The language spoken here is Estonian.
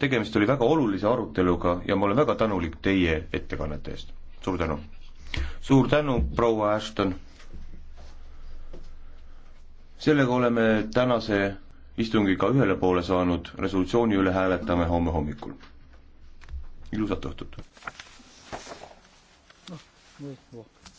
tegemist oli väga olulise aruteluga ja ma olen väga tänulik teie ettekannete eest. suur tänu. suur tänu, proua Ashton. sellega oleme tänase istungiga ühele poole saanud, resolutsiooni üle hääletame homme hommikul. ilusat õhtut. noh, noh, noh.